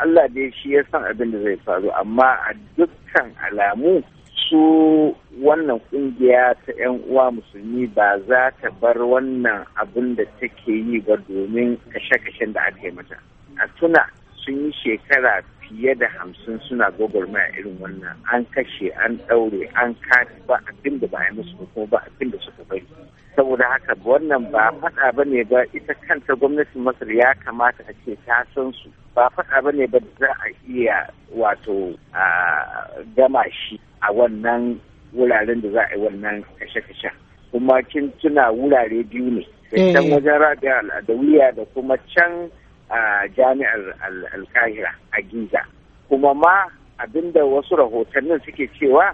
Allah dai shi ya san abin da zai faru amma a dukkan alamu su wannan kungiya ta 'yan uwa musulmi ba za ta bar wannan abin da take yi ba domin kashe-kashen da aka yi mata a tuna sun yi shekara fiye da hamsin suna gwagwarmaya irin wannan an kashe an ɗaure an kati ba abin da ba ya musu kuma ba abin da suka bari saboda haka wannan ba faɗa ba ne ba ita kanta gwamnatin masar ya kamata a ce ta san su ba faɗa ba ne ba za a iya wato gama shi a wannan wuraren da za a yi wannan kashe kashe kuma kin tuna wurare biyu ne eh. can wajen da al'adawiya da kuma can a jami'ar alkahira a giza kuma ma abinda wasu rahotannin suke cewa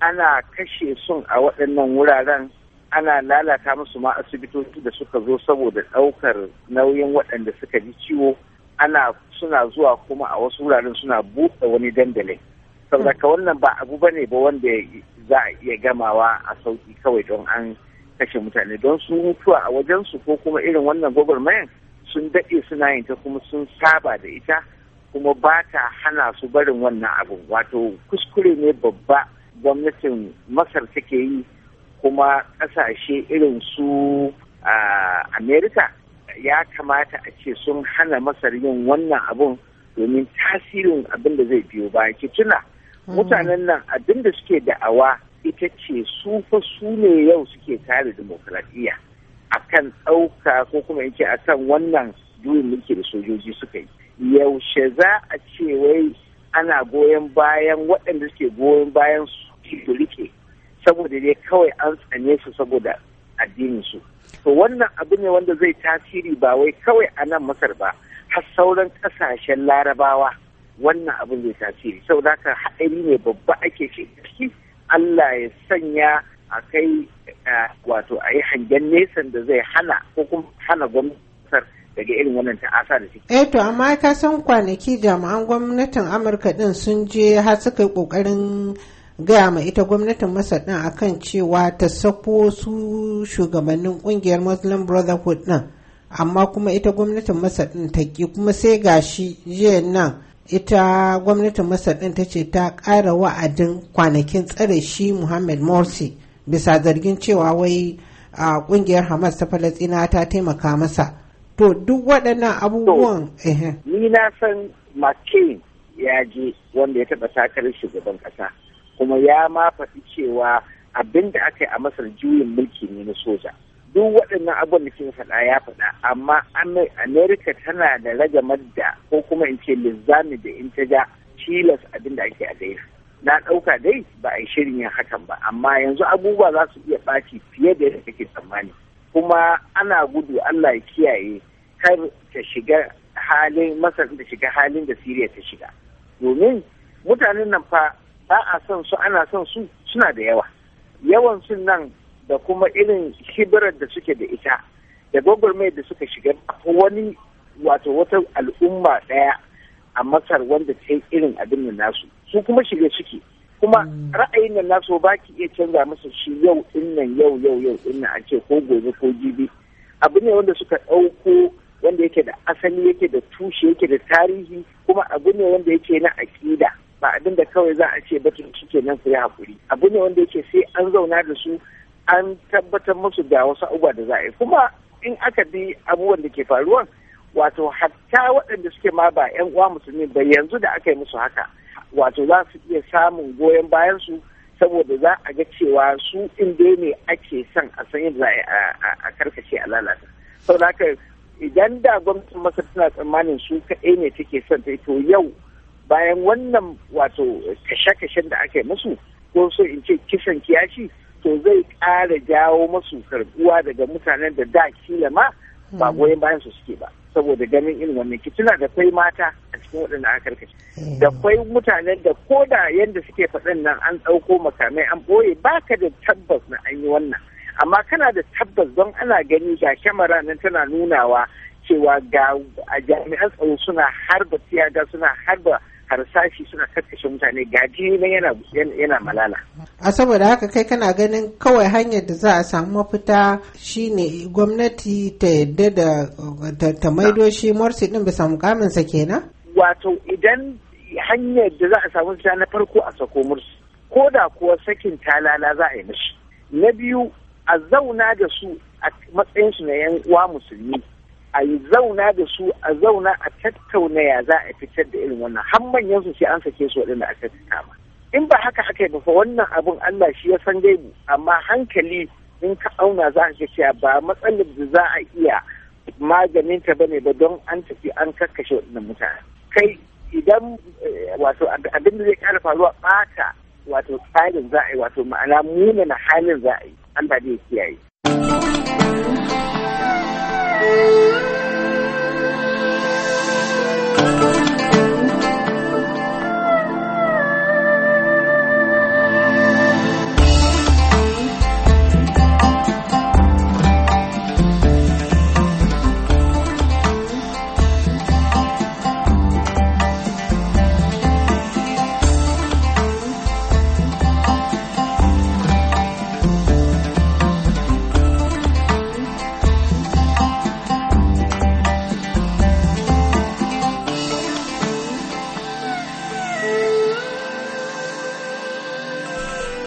ana kashe sun a waɗannan wuraren ana lalata musu ma asibitoci da suka zo saboda ɗaukar nauyin waɗanda suka ji ciwo ana suna zuwa kuma a wasu wuraren suna buɗe wani dandalin saboda ka wannan ba abu bane ba wanda za a iya gamawa a sauki kawai don an kashe mutane don su mutuwa a wajensu ko kuma irin wannan gwagwarmayan sun daɗe suna yin ta kuma sun saba da ita kuma ba ta hana su barin wannan abu wato kuskure ne babba gwamnatin masar take yi kuma ƙasashe irin su amerika ya kamata a ce sun hana masar yin wannan abun domin tasirin abin da zai biyo ba ki tuna mm. mutanen nan abin da suke da'awa ita ce su fa su ne yau suke kare demokradiyya kan ɗauka ko kuma yake kan wannan juyin mulki da sojoji suka yi yaushe za a ce wai ana goyon bayan waɗanda suke goyon bayan su rike saboda dai kawai an tsane su saboda addinin su to wannan abu ne wanda zai tasiri ba wai kawai a nan masar ba har sauran kasashen larabawa wannan abin zai tasiri saboda haka haɗari ne babba ake ciki Allah ya sanya a kai wato a yi hangen nesa da zai hana ko kuma hana gwamnatar daga irin wannan ta'asa da ciki. Eto eh amma ka san kwanaki jami'an gwamnatin Amurka din sun je har suka yi kokarin gaya ma ita gwamnatin masar din akan cewa ta sako su shugabannin kungiyar muslim brotherhood din amma kuma ita gwamnatin masar din ta ki kuma sai gashi jiya nan ita gwamnatin masar din ta ce ta ƙara wa'adin kwanakin tsare shi muhammad morsi bisa zargin cewa wai a kungiyar hamas ta falastina ta taimaka masa to duk waɗannan abubuwan eh, eh. ni na san mccain ya je wanda ya taɓa takarar shugaban ƙasa kuma ya ma faɗi cewa abin da aka yi a masar juyin mulki ne na soja duk waɗannan abin da kin faɗa ya faɗa amma amerika tana da ragamar da ko kuma in ce linzami da in ta ja tilas abin da ake a gaisu na ɗauka dai ba a yi shirin yin hakan ba amma yanzu abubuwa za su iya ɓaci fiye da yadda kake tsammani kuma ana gudu allah ya kiyaye kar ta shiga halin masar ta shiga halin da siriya ta shiga domin mutanen nan fa ba a son su ana son su suna da yawa yawan sun nan da kuma irin hibirar da suke da ita da gwagwarmai da suka shiga wani wato wata al'umma daya a masar wanda ta yi irin abin da nasu su kuma shiga ciki kuma mm. ra'ayin da nasu ba ki iya canza masa shi yau innan yau yau yau innan a ce ko gobe ko jibi abu ne wanda suka ɗauko wanda yake da asali yake da tushe yake da tarihi kuma abu ne wanda yake na aƙida ba abin da kawai za a ce ba cike nan kenan su yi hakuri abu ne wanda yake sai an zauna da su an tabbatar musu da wasu abubuwa da za a yi kuma in aka bi abubuwan da ke faruwa wato hatta waɗanda suke ma ba 'yan uwa musulmi ba yanzu da aka yi musu haka wato za su iya samun goyon bayan su saboda za a ga cewa su inda ne ake son a san yadda za a karkace a lalata saboda haka idan da gwamnatin masar tana tsammanin su kaɗai ne take son ta to yau bayan wannan wato kashe-kashen da aka yi musu ko so in ce kisan kiyashi to zai ƙara jawo masu karbuwa daga mutanen da da kila ma ba hmm. goyon bayan su suke ba saboda ganin irin wannan kituna da kwai mata a cikin waɗanda aka karkace hmm. da kwai mutanen da ko da yadda suke faɗin nan an ɗauko makamai an ɓoye baka da tabbas na an yi wannan amma kana da tabbas don ana gani ga kyamara nan tana nunawa cewa ga a jami'an tsaro suna harba tiyaga suna harba harsashi suna karkashe mutane gaji na yana yana malala a saboda haka kai kana ganin kawai hanyar da za a samu mafita shine gwamnati ta yadda da ta maido shi morsi din bisa mukaminsa kenan wato idan hanyar da za a samu mafita na farko a sako musu ko da kuwa sakin talala za a yi mishi na biyu a zauna da su a matsayinsu na yan uwa musulmi a zauna da su a zauna a tattauna ya za a fitar da irin wannan har manyan su sai an sake su waɗanda aka kama in ba haka aka yi ba wannan abun Allah shi ya san gaibu amma hankali in ka auna za a cewa ba matsalar da za a iya maganin ta bane ba don an tafi an kakkashe waɗannan mutane kai idan eh, wato abin da zai kara faruwa ɓata wato tsarin za a yi wato ma'ana munana halin za a yi Allah ne ya kiyaye.